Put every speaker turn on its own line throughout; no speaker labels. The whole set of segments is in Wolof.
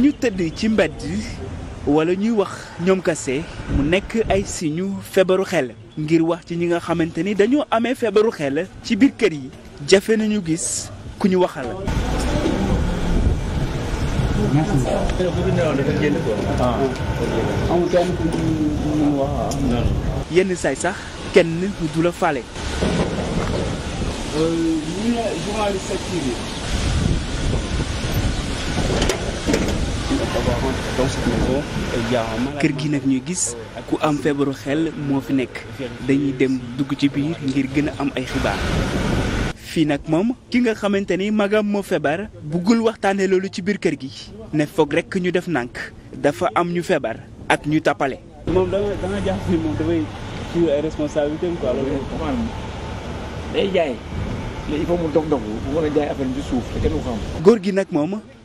ñu tëdd ci mbedd wala ñuy wax ñoom kase mu nekk ay siñu feebaru xel ngir wax ci ñi nga xamante ni dañoo amee feebaru xel ci biir kër yi jafe nañu gis ku ñu waxal. Ah. yenn saay sax kenn du la faale. Euh, kër gi nag ñuy gis ku am feebaru xel moo fi nekk dañuy dem dugg ci biir ngir gën a am ay xibaar. fii nag moom ki nga xamante ni magam moo feebar buggul waxtaanee loolu ci biir kër gi ne foog rek ñu def nànk dafa am ñu feebar ak ñu tappale moom da nga da dafay suivre ay responsabilité jaay il faut suuf góor gi nag moom.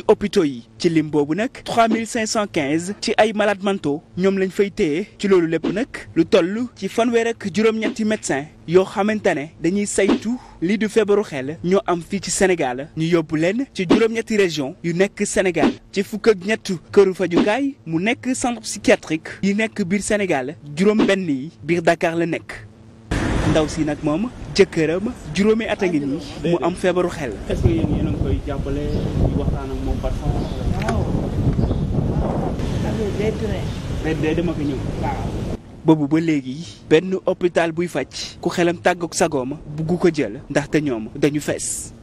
ci hôpitaux yi ci lim boobu nag 3515 ci ay malades mentaux ñoom lañ fay téye ci loolu lépp nag lu toll ci fanweer ak juróom-ñetti médecin yoo xamante ne dañuy saytu lii du feebaru xel ñoo am fii ci Sénégal ñu yóbbu leen ci juróom-ñetti région yu nekk Sénégal ci fukk ak ñett këru fajukaay mu nekk centre psychiatrique yi nekk biir Sénégal juróom benn yi biir Dakar la nekk ndaw si nag moom jëkkëram juróomi at a mu am feebaru xel. est koy jàppale di moom par waaw day boobu ba léegi benn hôpital buy fàcc ku xelam tàgg sagooma bugg ko jël ndaxte ñoom dañu fees